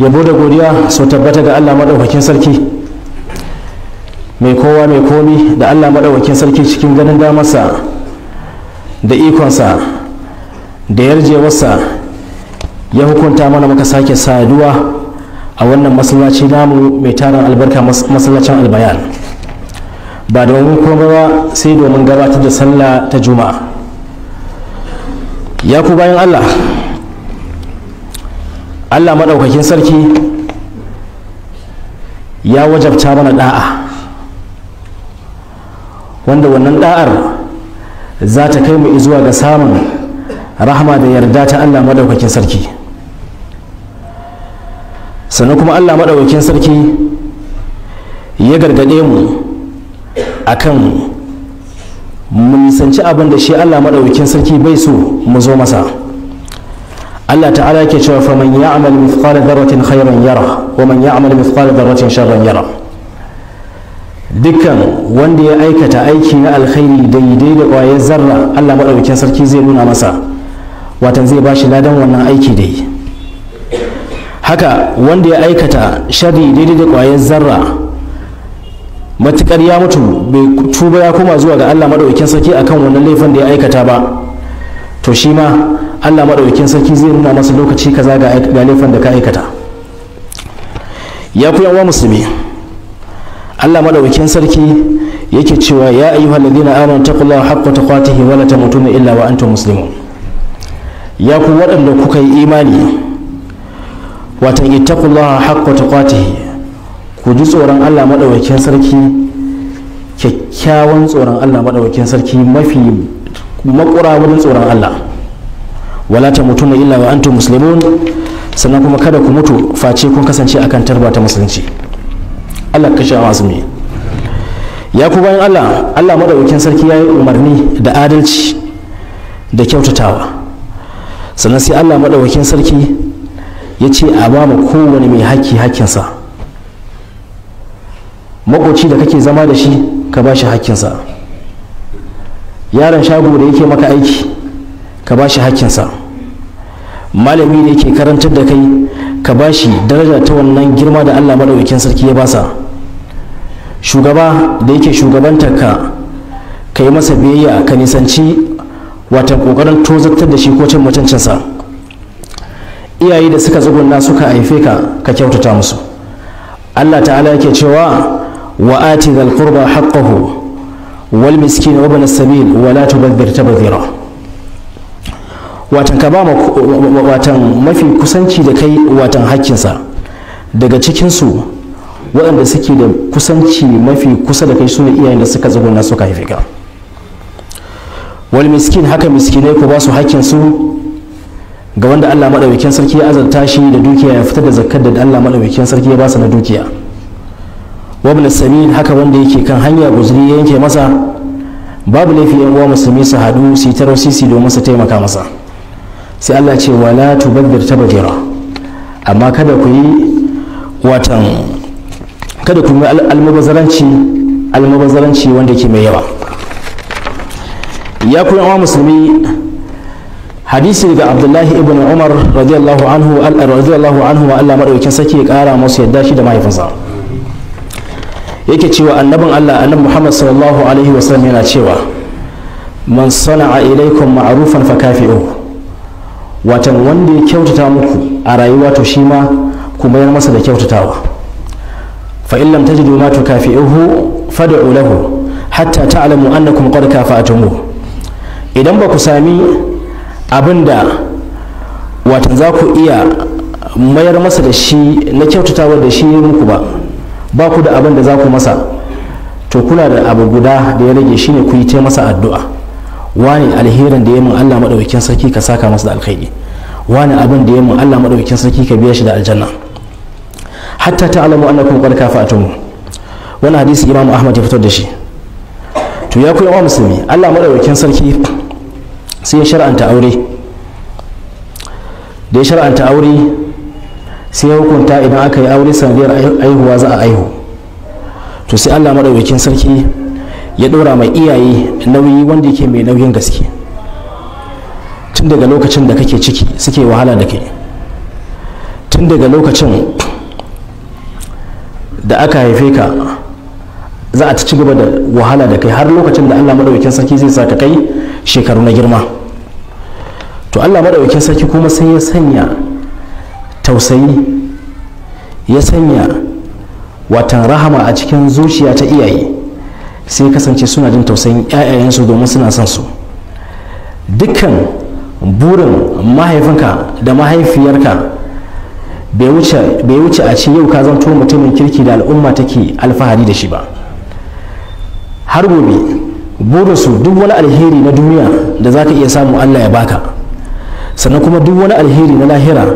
yabo da godiya su tabbata ga allah maɗaukakin sarki mai kowa mai komi da allah maɗaukakin sarki cikin ganin damarsa da ikonsa da yarjewarsa ya hukunta mana muka sake saduwa a wannan masallaci namu mai taron albarka masallacin albayan ba domin komai ba sai domin gabatar da sallah ta juma'a ya ku bayan allah allah maɗaukakin sarki ya wajabta mana ɗa'a wanda wannan ɗa'ar za ta kai mu zuwa ga samun rahama da yarda ta allah maɗaukakin sarki sannan kuma allah maɗaukakin sarki ya gargaɗe mu a kan mu nisanci abin da shi allah maɗaukakin sarki bai so mu zo masa Allah ta'ala yake cewa fa man ya'mal mithqala dharratin khayran yara wa man ya'mal mithqala dharratin sharran yara dukkan wanda ya aikata aiki na alkhairi daidai da ƙwayar zarra Allah maɗaukakin sarki zai nuna masa watan zai bashi ladan wannan aiki dai haka wanda ya aikata shari daidai da ƙwayar zarra matuƙar ya mutu bai tuba ya koma zuwa ga Allah madaukakin sarki akan wannan laifin da ya aikata ba to shi ma Allah maɗaukin sarki zai nuna masa lokaci kaza ga laifin da ka aikata ya fi yawa musulmi Allah maɗaukin sarki yake cewa ya ayyuha alladhina amanu taqullaha haqqa tuqatihi wa la tamutunna illa wa antum muslimun ya ku waɗanda kuka yi imani watan ittaqullaha haqqa tuqatihi ku ji tsoron Allah maɗaukin sarki kyakkyawan tsoron Allah maɗaukin sarki mafi makura wurin tsoron Allah wala ta tamutunna illa wa antum muslimun sannan kuma kada ku mutu face kun kasance akan tarba ta musulunci Allah azumi ya ku bayan Allah Allah maɗaukin sarki ya yi umarni da adalci da kyautatawa sannan sai Allah maɗaukin sarki ya ce a ba mu kowane mai haƙƙi haƙƙinsa makoci da kake zama da shi ka ba shi haƙƙinsa yaron shago da yake maka aiki ka ba shi haƙƙinsa malami ne ke karantar da kai ka ba shi daraja ta wannan girma da allah maɗaukakin sarki ya basa shugaba da yake shugabantar ka ka yi masa biyayya ka nisanci wata ƙoƙarin tozartar da shi ko cin mutuncinsa iyaye da suka tsugunna suka haife ka ka kyautata musu allah ta'ala yake cewa wa ati dhal qurba haqqahu wal miskin wa ibn as-sabil wa la tubadhir tabdhira watan ka ba watan mafi kusanci da kai watan hakkinsa daga cikinsu waɗanda suke da kusanci mafi kusa da kai su ne iyayen da suka na suka haife ka wal miskin haka miskinai ku ba su hakkinsu ga wanda Allah maɗaukakin sarki ya azarta shi da dukiya ya fitar da zakkar da Allah maɗaukakin sarki ya ba su na dukiya wani sabil haka wanda yake kan hanya guzuri ya yanke masa babu laifi yan uwa musulmi su haɗu su yi tarosisi domin su taimaka masa sai Allah ce wala tubabbir tabadira amma kada ku yi watan kada ku yi almubazaranci almubazaranci wanda ke mai yawa ya kuma musulmi hadisi daga abdullahi ibn umar radiyallahu anhu radiyallahu anhu wa Allah madaukakin sake ya kara musu yadda shi da mahaifinsa yake cewa annabin Allah annabi Muhammad sallallahu alaihi wasallam yana cewa man sana'a ilaikum ma'rufan fakafi'u watan wanda ya kyautata muku a rayuwa to shi ma ku mayar masa da kyautatawa fa in lam tajidu ma tukafi'uhu fad'u lahu hatta ta'lamu annakum qad kafa'tumu idan ba ku sami abinda watan za ku iya mayar masa da shi na kyautatawa da shi muku ba ba ku da abin da za ku masa to kuna da abu guda da ya rage shine ku yi ta masa addu'a wani alherin da ya mun Allah madaukakin sarki ka saka masa da alkhairi wani abin da ya mun Allah madaukakin sarki ka biya shi da aljanna hatta ta'lamu annakum qad kafa'tum wani hadisi Imam Ahmad ya fitar da shi to ya koyi yawa musulmi Allah madaukakin sarki sai ya shar'anta aure da ya shar'anta aure sai ya hukunta idan aka yi aure sanadiyar aihuwa za a aihu to sai Allah madaukakin sarki ya ɗora mai iyaye nauyi wanda yake mai nauyin gaske tun daga lokacin da kake ciki suke wahala da kai tun daga lokacin da aka haife ka za a ci gaba da wahala da kai har lokacin da allah maɗaukakin sarki zai sa ka kai shekaru na girma to allah maɗaukakin sarki kuma sai ya sanya tausayi ya sanya watan rahama a cikin zuciya ta iyaye sai kasance suna jin tausayin 'ya'yayensu domin suna son su dukkan burin mahaifinka da mahaifiyarka bai wuce a ce yau ka zanto mutumin kirki da al'umma take alfahari da shi ba har gobe burinsu duk wani alheri na duniya da za ka iya samu allah ya baka sannan kuma duk wani alheri na lahira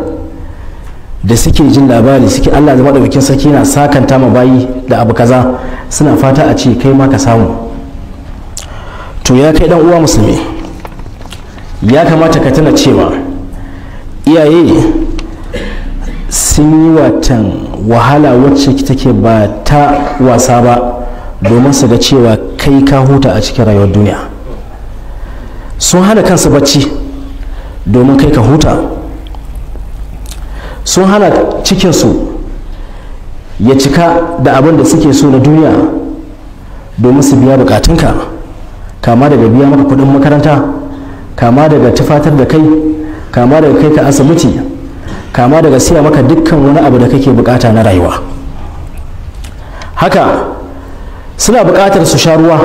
da suke jin labari suke Allah zama ɗaukin sarki na sakanta ma bayi da abu kaza suna fata a ce kai ma ka samu to ya kai dan uwa musulmi ya kamata ka tana cewa iyaye sun yi watan wahala wacce take ba ta wasa ba domin su ga cewa kai ka huta a cikin rayuwar duniya sun hana kansu bacci domin kai ka huta sun hana cikinsu ya cika da abin da suke so na duniya domin su biya bukatunka kama daga biya maka kudin makaranta kama daga tufatar da kai kama daga kai ka asibiti kama daga siya maka dukkan wani abu da kake bukata na rayuwa haka suna bukatar su sha ruwa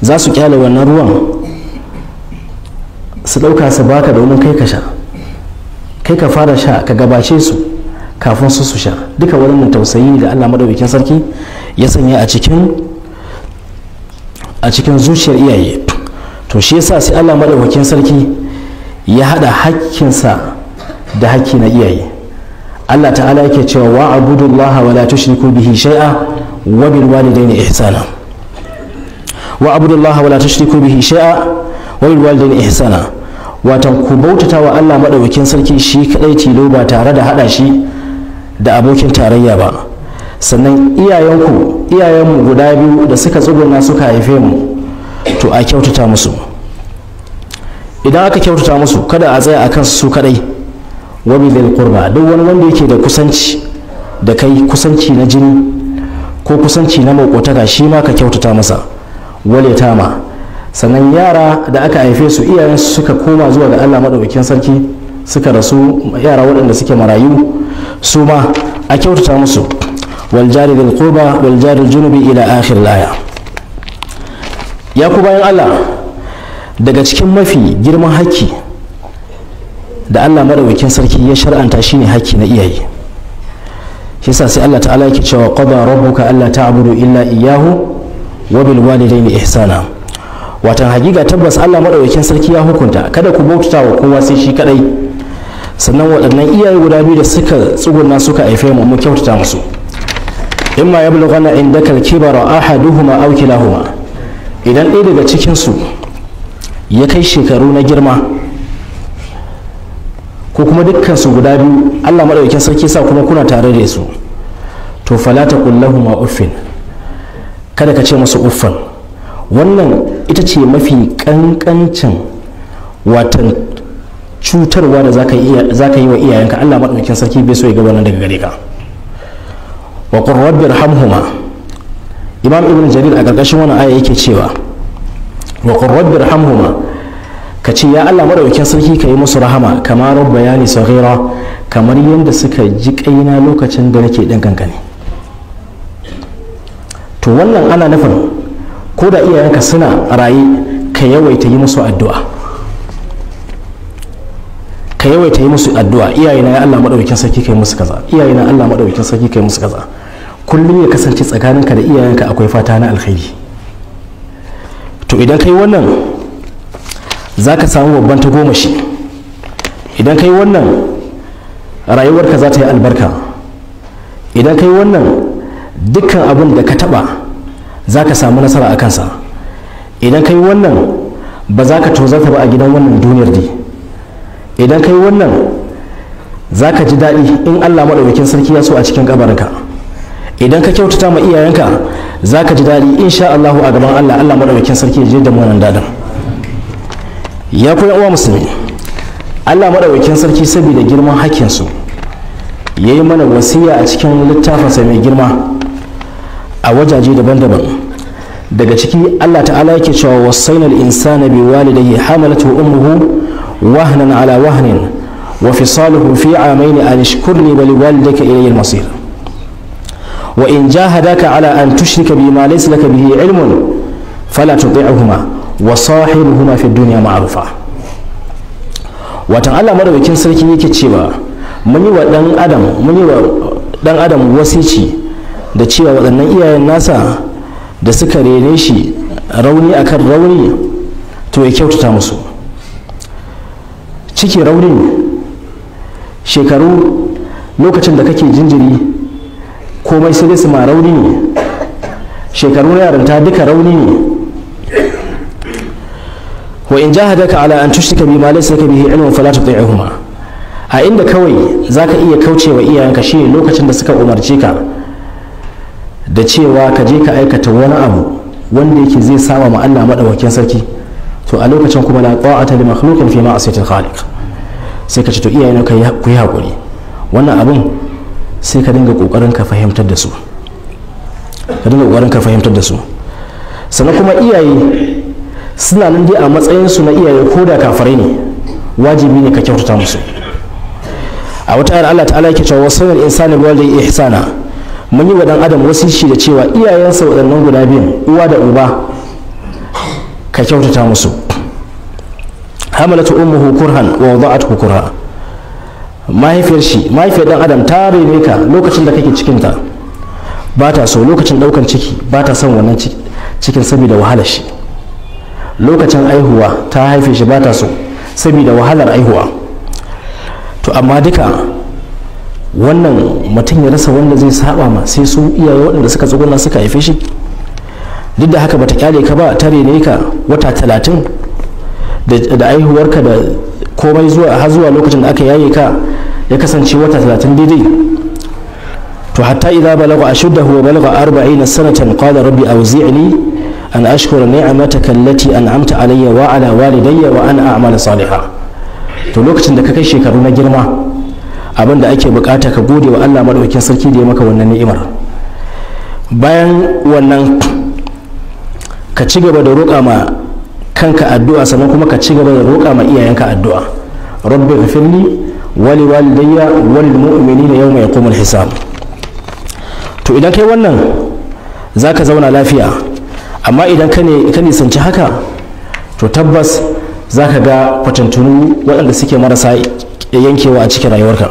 za su kyale wannan ruwan su ɗauka su baka domin kai ka sha kai ka fara sha ka gabace su kafin su su sha duka wannan tausayi da Allah madaukakin sarki ya sanya a cikin a cikin zuciyar iyaye to shi yasa sai Allah madaukakin sarki ya hada hakkinsa da hakki na iyaye Allah ta'ala yake cewa wa abudullaha wa la tushriku bihi shay'a wa bil walidayni ihsana wa abudullaha wa la tushriku bihi shay'a wa bil walidayni ihsana watan ku bautata wa Allah maɗaukin sarki shi kadai tilo ba tare da haɗa shi da abokin tarayya ba sannan iyayenku iyayenmu guda biyu da suka tsuguna suka haife mu to a kyautata musu idan aka kyautata musu kada a tsaya akan su kadai wa bil qurba duk wani wanda yake da kusanci da kai kusanci na jini ko kusanci na maƙotaka shi ma ka kyautata masa wale tama sannan yara da aka haife su iyayensu suka koma zuwa ga allah maɗaukakin sarki suka rasu yara waɗanda suke marayu su ma a kyautata musu waljari da quba waljari junubi ila akhir laya ya ku bayan allah daga cikin mafi girman haƙƙi da allah maɗaukakin sarki ya shar'anta ne haƙƙi na iyaye shi yasa sai allah ta'ala yake cewa qada rabbuka alla ta'budu illa iyyahu wa bil walidayni ihsana watan hakika tabbas Allah maɗaukin sarki ya hukunta kada ku bautata wa kowa sai shi kadai sannan waɗannan iyaye guda biyu da suka tsuguna suka haife mu mu kyautata musu in dakar indaka al-kibara ahaduhuma aw kilahuma idan ɗaya daga cikin su ya kai shekaru na girma ko kuma dukkan su guda biyu Allah maɗaukakin sarki sa kuma kuna tare da su to falata kullahuma uffin kada ka ce musu uffan wannan ita ce mafi kankancin watan cutarwa da za ka yi wa iyayenka allah maɗaukin sarki bai so ya gabanar daga gare ka wa rabbi hamhuma imam ibn jarir a ƙarƙashin wani aya yake cewa wa rabbi hamhuma ka ce ya allah maɗaukin sarki ka yi musu rahama kamar bayani saghira kamar yadda suka ji kaina lokacin da nake ɗan kankani to wannan ana nufin ko da iyayenka suna raye ka yawaita yi musu addu'a ka yawaita yi musu addu'a iyayena ya Allah madaukakin sarki kai musu kaza iyayena Allah madaukakin sarki kai musu kaza kullum ya kasance tsakaninka da iyayenka akwai fata na alkhairi to idan kai wannan za ka samu babban ta goma shi idan kai wannan rayuwarka za ta yi albarka idan kai wannan dukkan abin da ka taba za ka samu nasara a kansa idan ka yi wannan ba za ka tozarta ba a gidan wannan duniyar di idan ka yi wannan za ka ji daɗi in allah maɗaukakin sarki ya so a cikin kabarinka idan ka kyautata ma iyayenka za ka ji daɗi in sha allahu a gaban allah allah maɗaukakin sarki ya je da wannan dadan ya kuma uwa musulmi allah maɗaukakin sarki saboda girman hakkinsu ya yi mana wasiya a cikin littafinsa mai girma a wajaje daban-daban daga ciki Allah ta'ala yake cewa wasainal insana bi walidayhi hamalatu ummuhu wahnan ala wahnin wa fisaluhu fi amaini an ishkurni wa liwalidayka ilayhi al-masir wa in jahadaka ala an tushrika ma laysa laka bihi ilmun fala tuti'uhuma wa sahibuhuma fi dunya ma'rufa watan Allah madawakin sarki yake cewa mun yi wa dan adam mun yi wa dan adam wasici da cewa waɗannan iyayen nasa da suka rene shi rauni akan rauni to ya kyautata musu ciki raunin shekaru lokacin da kake jinjiri komai sai dai su ma rauni ne shekaru yarinta duka rauni ne wa in jahadaka ala an tushrika bi ma laysa ka bihi ilmun fala tuti'huma a inda kawai zaka iya kaucewa iyayenka shi lokacin da suka umarce ka da cewa ka je ka aikata wani abu wanda yake zai sama ma Allah madawakin sarki to a lokacin kuma la ta'ata li makhluqin fi ma'siyatil khaliq sai ka ce to iyayen ka ku yi hakuri wannan abun sai ka dinga kokarin ka fahimtar da su ka dinga kokarin ka fahimtar da su sannan kuma iyaye suna nan dai a matsayin su na iyaye ko da kafare ne wajibi ne ka kyautata musu a wata ayar Allah ta'ala yake cewa wasu insani walidai ihsana mun yi wa dan adam wasu shi da cewa iyayensa waɗannan guda biyan uwa da uba ka kyautata musu hamalatu ummuhu kurhan wa wada'atuhu kurha mahaifiyar shi mahaifiyar dan adam ta rene ka lokacin da kake cikin ta ba ta so lokacin daukan ciki ba ta son wannan cikin saboda wahalar shi lokacin aihuwa ta haife shi ba ta so saboda wahalar aihuwa to amma duka wannan mutum ya rasa wanda zai saba ma sai su iyaye waɗanda suka tsuguna suka haife shi duk da haka bata kyale ka ba ta rene ka wata talatin da aihuwarka da komai zuwa har zuwa lokacin da aka yaye ka ya kasance wata talatin daidai to hatta idza balagha ashuddahu wa balagha arba'ina sanatan qala rabbi awzi'ni an ashkura ni'amataka allati an'amta alayya wa ala walidayya wa an a'mala salihan to lokacin da ka kai shekaru na girma abin da ake bukata ka gode wa Allah maɗaukin sarki da ya maka wannan ni'imar bayan wannan ka ci gaba da roƙa ma kanka addu'a sannan kuma ka ci gaba da roƙa ma iyayenka addu'a rabbi ghfirli wali walidayya wal mu'minina yawma yaqumul hisab to idan kai wannan zaka zauna lafiya amma idan ka ne ka nisanci haka to tabbas zaka ga kwatantunu waɗanda suke marasa yankewa a cikin rayuwarka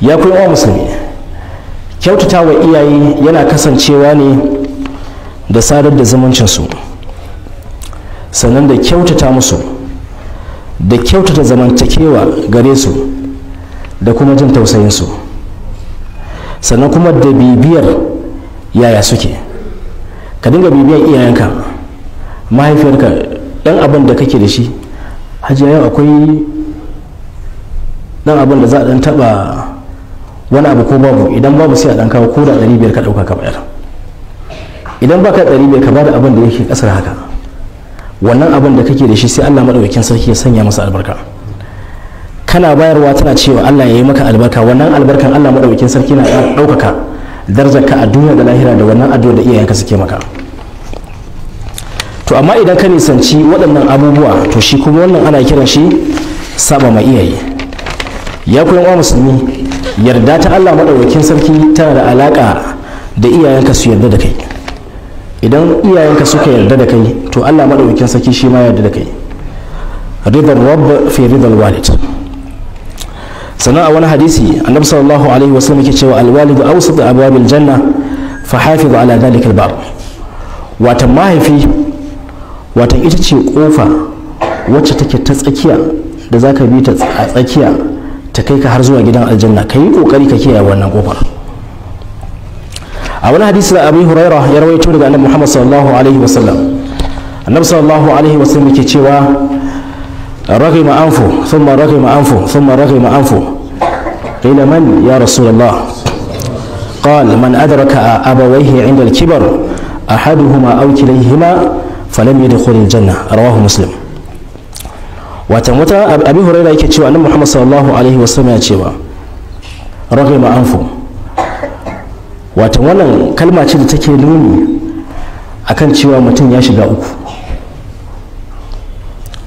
ya kuyi wa musulmi kyautata wa iyaye yana kasancewa ne da sadar da zumuncinsu sannan da kyautata musu da kyautata zamantakewa gare su da kuma jin tausayinsu sannan kuma da bibiyar yaya suke ka dinga bibiyar iyayenka mahaifiyarka ɗan abin da kake da shi hajiya yau akwai ɗan abin da za a ɗan taɓa wani abu ko babu idan babu sai a dan kawo ko da ɗari ka dauka ka bayar idan baka ɗari biyar ka bada abin da yake kasar haka wannan abin da kake da shi sai Allah madaukakin sarki ya sanya masa albarka kana bayarwa tana cewa Allah ya yi maka albarka wannan albarkan Allah madaukakin sarki na ɗaukaka darajarka a duniya da lahira da wannan addu'a da iyayenka suke maka to amma idan ka nisanci waɗannan abubuwa to shi kuma wannan ana kiran shi saba ma iyaye ya koyan wa musulmi yarda ta Allah maɗaukakin sarki tana da alaƙa da iyayenka su yarda da kai idan iyayenka suka yarda da kai to Allah maɗaukakin sarki shi ma yarda da kai ridal rabb fi ridal walid sannan a wani hadisi annabi sallallahu alaihi wasallam yake cewa alwalidu awsat abwabil janna fa hafiz ala dhalika albab watan mahaifi watan ita ce kofa wacce take ta tsakiya da zaka bi ta a tsakiya ta kai ka har zuwa gidan aljanna ka yi ƙoƙari ka kiyaye wannan ƙofar a wani hadisi da abu huraira ya rawaito daga annabi muhammad sallallahu alaihi wasallam annabi sallallahu alaihi wasallam yake cewa ragima ma thumma ragima anfu thumma ragima anfu qila man ya rasulullah قال من أدرك أبويه عند الكبر أحدهما أو كليهما فلم يدخل الجنة رواه مسلم watan wata abin huraira yake cewa annabi muhammad sallallahu alaihi wasallam ya cewa ragima anfu watan wannan kalma ce da take nuni akan cewa mutum ya shiga uku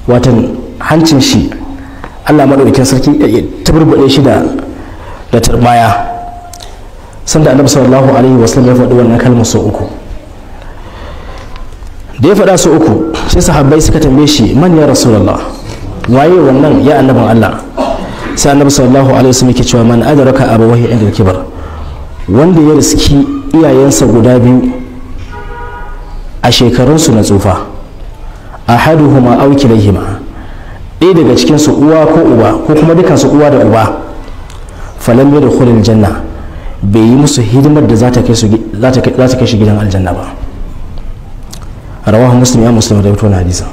watan hancin shi allah maɗaukakin sarki ta burbuɗe shi da da turbaya sanda annabi sallallahu alaihi wasallam ya faɗi wannan kalmar sau uku da ya faɗa sau uku sai sahabbai suka tambaye shi man ya rasulullah waye wannan ya annabin Allah sai annabi sallallahu alaihi wasallam yake cewa man adraka abawahi inda kibar wanda ya riski iyayensa guda biyu a shekarunsu na tsufa ahaduhuma aw kilahima ɗaya daga cikin su uwa ko uba ko kuma dukan su uwa da uba falam yadkhulul janna bai yi musu hidimar da za ta kai shi gidan aljanna ba rawahu muslim ya muslim da hadisa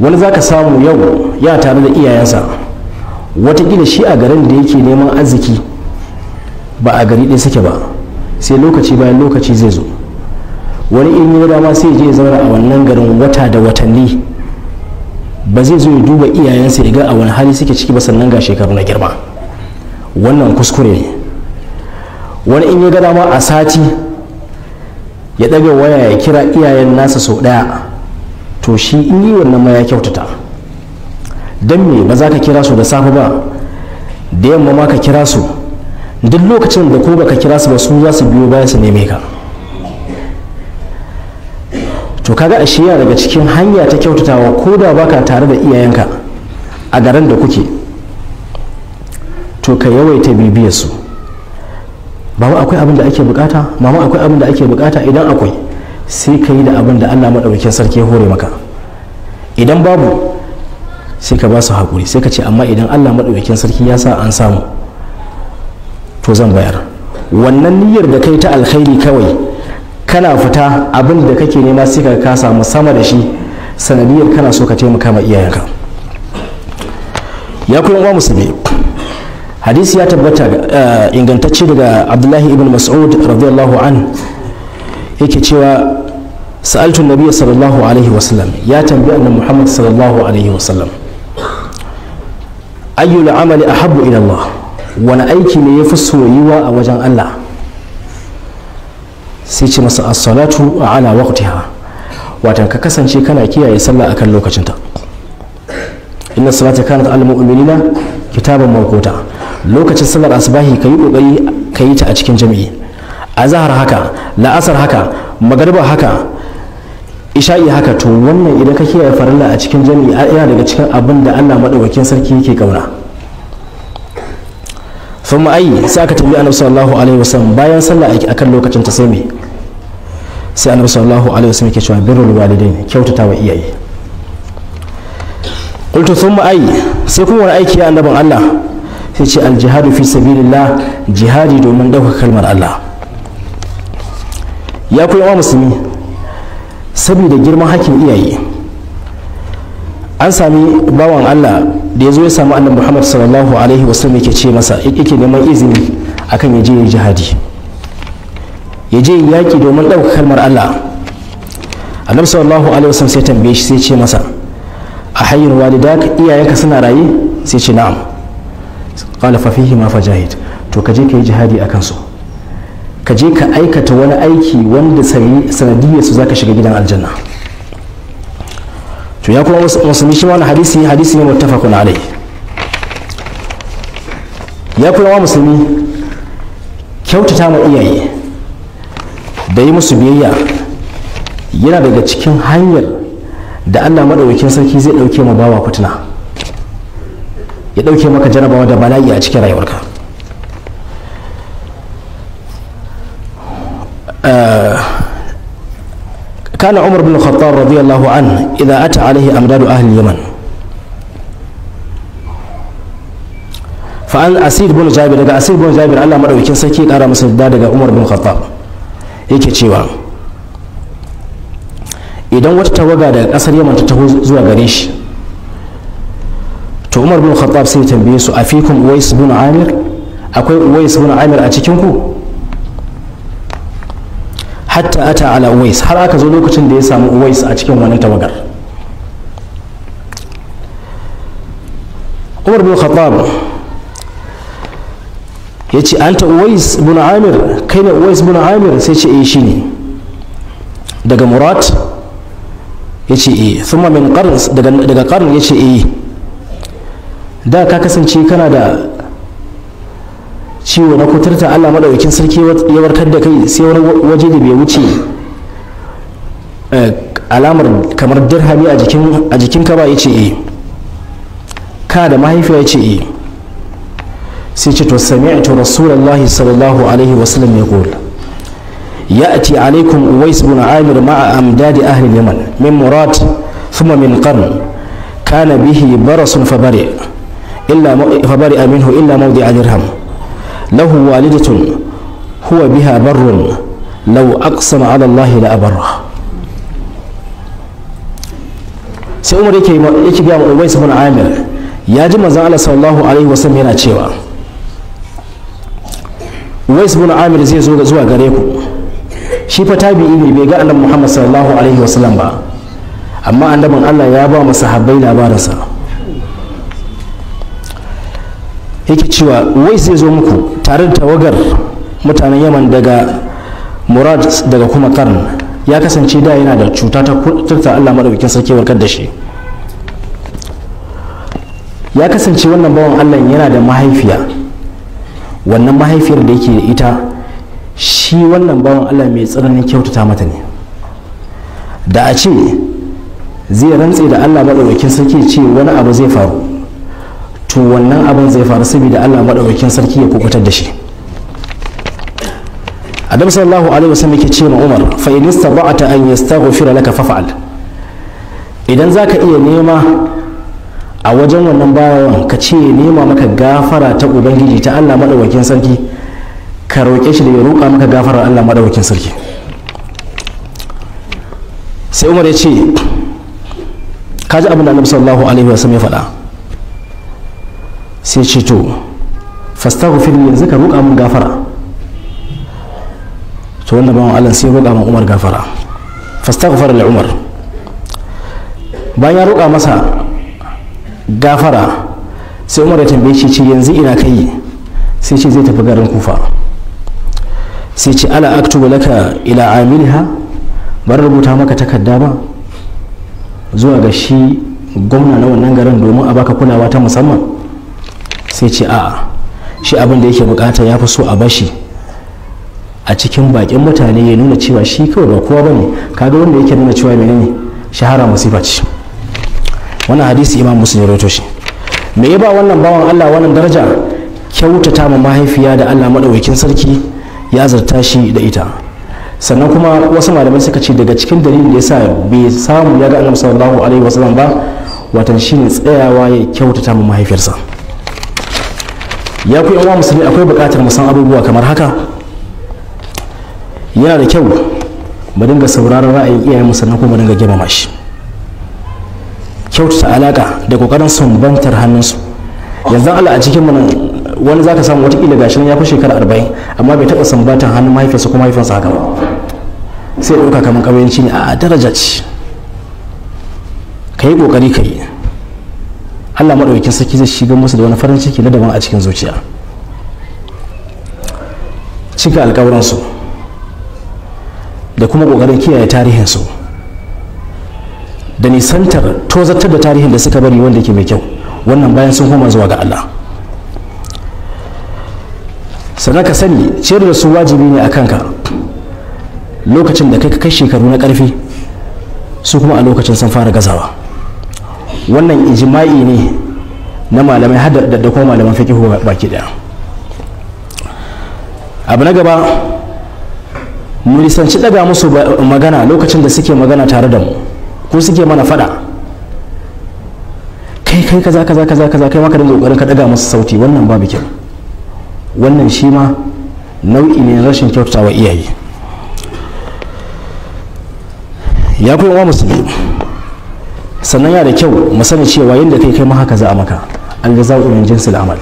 wani za ka samu yau ya tare da iyayensa watakila shi a garin da yake neman arziki ba a gari ɗaya suke ba sai lokaci bayan lokaci zai zo wani in ya dama sai je zauna a wannan garin wata da watanni ba zai zo ya duba iyayensa ya ga a wani hali suke ciki ba sannan ga shekaru na girma wannan kuskure ne wani in ya ga dama a sati ya ɗaga waya ya kira iyayen nasa sau ɗaya to shi in yi wannan ma ya kyautata don me ba za ka kira su da safe ba da yamma ma ka kira su duk lokacin da ko baka kira su ba su za su biyo baya su neme ka to kaga ashe yana daga cikin hanya ta kyautatawa ko da baka tare da iyayenka a garin da kuke to ka yawaita bibiyar su akwai mama akwai abin da ake bukata idan akwai sai ka yi da abin da allah maɗaukakin sarki ya hore maka idan babu sai ka ba su haƙuri sai ka ce amma idan allah maɗaukakin sarki ya sa an samu to zan bayar wannan niyyar da kai ta alkhairi kawai kana fita abin da kake nema sai ka ka samu sama da shi sanadiyar kana so ka taimaka ma iyayenka ya kuma uwa musulmi hadisi ya tabbata eh, ingantacce daga abdullahi ibn mas'ud radiyallahu an yake cewa sa'altu nabiyya sallallahu alaihi wasallam ya tambayi annan muhammad sallallahu alaihi wasallam ayyul amali ahabbu ila allah wani aiki ne yafi soyuwa a wajen allah sai ce masa as-salatu ala waqtiha watan ka kasance kana kiyaye sallah akan lokacinta inna salata kanat al mu'minina kitaban mawquta lokacin sallar asbahi kayi kokari kayi ta a cikin jami'i azahar haka la'asar haka magariba haka isha'i haka to wannan idan ka kiyaye farilla a cikin jami'i yana daga cikin abin da Allah madaukakin sarki yake kauna thumma ayi sai aka tambayi annabi sallallahu alaihi wasallam bayan sallah akan lokacin ta sai me sai annabi sallallahu alaihi wasallam yake cewa birrul walidain kyautata wa iyaye qultu thumma ayi sai kuma wani aiki ya annabin Allah sai ce al jihadu fi sabilillah jihadi domin ɗaukar kalmar Allah ya fi yawa musulmi saboda girman hakkin iyaye an sami bawan allah da ya zo ya sami annabi muhammad sallallahu alaihi wasallam yake ce masa yake neman izini akan ya je jihadi ya je yaki domin ɗauka kalmar allah annabi sallallahu alaihi wasallam sai tambaye shi sai ce masa a hayyar walidak iyayenka suna raye sai ce na'am qala fa fihi ma fajahid to ka je ka yi jihadi akan su ka je ka aikata wani aiki wanda sanadiyar su zaka shiga gidan aljanna to ya kuma musulmi shi wani hadisi hadisi ne muttafaqun alai ya kuma wa musulmi kyautata ma iyaye da yi musu biyayya yana daga cikin hanyar da Allah madaukakin sarki zai dauke ma bawa fitina ya ɗauke maka jarabawa da bala'i a cikin rayuwarka كان عمر بن an رضي a عنه إذا أتى عليه أمداد أهل اليمن فأن أسير بن جابر daga أسير بن جابر Allah madaukakin sarki kara masa da daga Umar bin Khattab yake cewa idan wata tawaga da kasar Yaman ta taho zuwa gare shi to Umar bin Khattab sai tambaye su afikum Uwais bin Amir akwai Uwais bin Amir a cikin ku hatta ata ala uwais har aka zo lokacin da ya samu uwais a cikin wani tawagar umar bin khattab ya ce an ta uwais bin amir kai ne uwais bin amir sai ce eh shi ne daga murat ya ce eh thumma min qarn daga qarn ya ce eh da ka kasance kana da ciwo na kuturta Allah madaukakin sarki ya warkar da kai sai wani waje da bai wuce eh, alamar kamar dirhami a jikin a jikin ka ba yace eh ka da mahaifiya yace eh sai ce to sami'tu rasulullahi sallallahu alaihi wasallam yaqul ya'ti alaikum uwais ibn amir ma'a amdadi ahli yaman min murat thumma min qarn kana bihi barasun fabari illa fabari minhu illa mawdi'a dirham lahu walidatun huwa biha barrun lau aqsama ala Allah la abarra sai Umar yake yake ga Ubay ibn Amir ya ji manzon Allah sallallahu alaihi wasallam yana cewa Ubay ibn Amir zai zo zuwa gare ku shi fa tabi'i ne bai ga annabi Muhammad sallallahu alaihi wasallam ba amma annabin Allah ya ba masahabbai labarinsa yake cewa wai zai zo muku tare da tawagar mutanen yaman daga murad daga kuma karn ya kasance da yana da cuta ta kurta allah maɗaukakin sarki warkar da shi ya kasance wannan bawan allah yana da mahaifiya wannan mahaifiyar da yake da ita shi wannan bawan allah mai tsananin kyautata mata ne da a ce zai rantse da allah maɗaukakin sarki ce wani abu zai faru to wannan abin zai faru saboda Allah maɗaukakin sarki ya kubutar da shi adam sallallahu alaihi wasallam yake ce ma umar fa in istata'ta an yastaghfira laka fa'al idan zaka iya nema a wajen wannan bawan ka ce nema maka gafara ta ubangiji ta Allah madaukakin sarki ka roƙe shi da ya roƙa maka gafarar Allah madaukakin sarki sai umar ya ce kaji abin da annabi sallallahu alaihi wasallam ya faɗa sai ce to fastaghfir yanzu ka roƙa min gafara to wanda bawan Allah sai roƙa min Umar gafara fastaghfara li Umar bayan ya roƙa masa gafara sai Umar ya tambaye shi ce yanzu ina kai sai ce zai tafi garin Kufa sai ce ala aktubu laka ila amilha bar rubuta maka takarda ba zuwa ga shi gwamna na wannan garin domin a baka kulawa ta musamman sai ce a'a shi abin da yake bukata ya fi so a bashi a cikin bakin mutane ya nuna cewa shi kawai ba kowa bane kaga wanda yake nuna cewa menene shahara musifa ce wannan hadisi imam muslim ya rawaito shi me ya ba wannan bawan Allah wannan daraja kyautata ma mahaifiya da Allah madaukakin sarki ya zarta shi da ita sannan kuma wasu malamai suka ce daga cikin dalilin da yasa bai samu ya ga annabi sallallahu alaihi wasallam ba watan shine tsayawa ya kyautata ma mahaifiyarsa ya ku yan musulmi akwai buƙatar mu san abubuwa kamar haka yana da kyau mu dinga sauraron ra'ayin iyayen sannan kuma mu dinga girmama shi kyautata alaƙa da ƙoƙarin sumbantar hannunsu yanzu Allah a cikin nan wani zaka samu wata kila gashin ya fi shekara arba'in amma bai taɓa sumbantar hannun mahaifinsa ko mahaifinsa haka ba sai ɗauka kamar ƙauyenci ne a daraja ce ka yi ƙoƙari ka yi Allah maɗaukakin sarki zai shiga musu da wani farin ciki na daban a cikin zuciya cika alkawuransu da kuma ƙoƙarin kiyaye tarihinsu da nisantar tozartar da tarihin da suka bari wanda ke mai kyau wannan bayan sun koma zuwa ga Allah sannan ka sani ciyar da su wajibi ne a kanka lokacin da kai ka kai shekaru na ƙarfi su kuma a lokacin sun fara gazawa wannan ijma'i ne na malamai har da kuma malaman fikihu baki daya abu na gaba mu nisanci daga musu magana lokacin da suke magana tare da mu ko suke mana fada kai kai kaza kaza kaza kaza kai maka dinga kokarin ka daga musu sauti wannan ba bikin wannan shi ma nau'i ne rashin kyautatawa iyaye ya kuma musulmi sannan ya da kyau mu sani cewa yadda kai kai ma haka za a maka an ga zaɓi min jinsi amal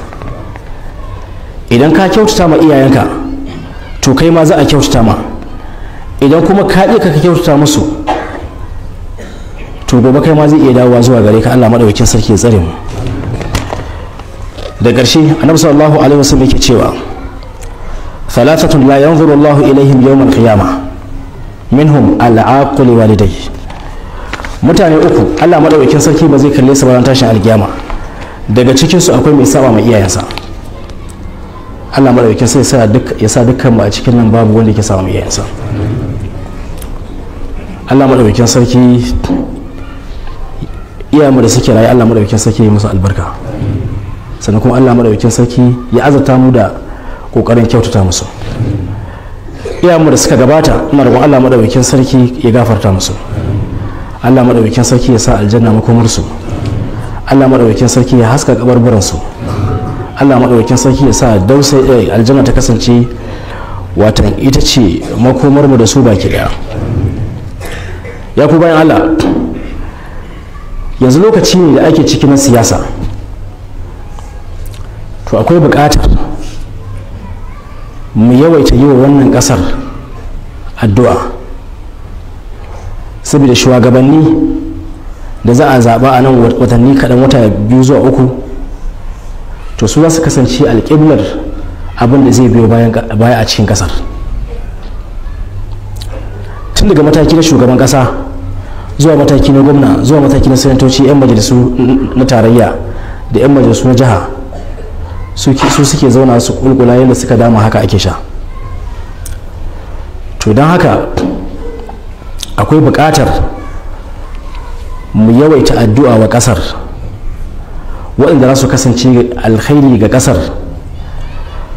idan ka kyautata ma iyayenka to kai ma za a kyautata ma idan kuma ka ka kyautata musu to gobe kai ma zai iya dawowa zuwa gare ka Allah madaukakin sarki ya tsare mu da ƙarshe annabi sallallahu alaihi wasallam yake cewa thalathatun la yanzuru Allahu ilaihim yawm al-qiyamah minhum al-aqul walidayhi mutane uku Allah madaukakin sarki ba zai kalle su ba ran tashin alkiyama daga cikin su akwai mai saba mai iyayensa Allah madaukakin sai ya sa dukkan ba a cikin nan babu wanda ke saba mai iyayensa Allah madaukakin sarki iyayenmu da suke rayu Allah madaukakin sarki ya yi musu albarka sannan kuma Allah madaukakin sarki ya azurta mu da kokarin kyautata musu iyayenmu da suka gabata ina roƙon Allah madaukakin sarki ya gafarta musu allah maɗaukakin sarki ya sa aljanna makomarsu allah maɗaukakin sarki ya haska su allah maɗaukakin sarki ya sa dausai eh, aljanna ta kasance watan ita ce makomarmu da su baki ɗaya ya ku bayan allah yanzu lokaci ne da ake ciki na siyasa to akwai buƙatar mu yawaita yi wa wannan ƙasar addu'a saboda shugabanni da za a zaɓa a nan watanni kaɗan wata biyu zuwa uku to su za su kasance alƙiblar abin da zai biyo baya a cikin ƙasar tun daga mataki na shugaban ƙasa zuwa mataki na gwamna zuwa mataki na sanatoci 'yan majalisu na tarayya da 'yan majalisu na jiha su suke zauna su kulkula yadda suka dama haka ake sha to don haka akwai buƙatar mu yawaita addu'a wa ƙasar waɗanda za su kasance alheri ga ƙasar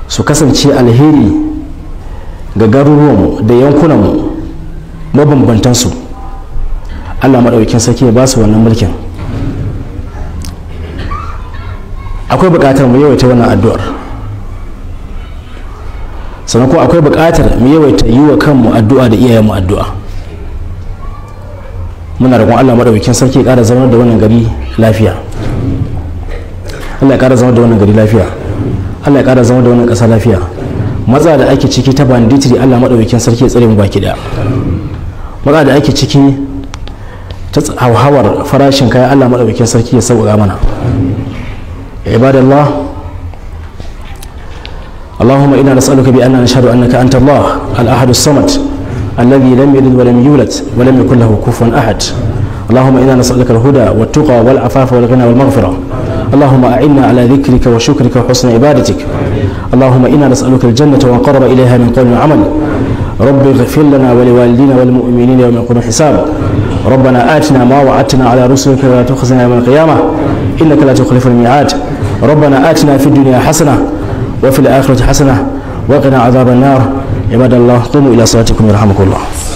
su kasance alheri ga garuruwanmu da yankunanmu mabambantansu allah maɗaukin sarki ya ba su wannan mulkin akwai buƙatar mu yawaita wannan addu'ar sannan kuma akwai buƙatar mu yawaita yi wa kanmu addu'a da iyayenmu addu'a muna roƙon Allah madaukakin sarki ƙara zama da wannan gari lafiya Allah ya ƙara zama da wannan gari lafiya Allah ya ƙara zama da wannan ƙasa lafiya matsa da ake ciki ta banditiri Allah madaukakin sarki ya tsare mu baki da. matsa da ake ciki ta hauhawar farashin kaya Allah madaukakin sarki ya sauƙa mana ibadallah اللهم إنا نسألك بأن نشهد أنك أنت الله الأحد samad الذي لم يلد ولم يولد ولم يكن له كفوا أحد اللهم إنا نسألك الهدى والتقى والعفاف والغنى والمغفرة اللهم أعنا على ذكرك وشكرك وحسن عبادتك اللهم إنا نسألك الجنة وقرب إليها من قول وعمل رب اغفر لنا ولوالدينا والمؤمنين يوم يقوم الحساب ربنا آتنا ما وعدتنا على رسلك ولا تخزنا يوم القيامة إنك لا تخلف الميعاد ربنا آتنا في الدنيا حسنة وفي الآخرة حسنة وقنا عذاب النار ibadallah qumu ila salatikum yarhamukumullah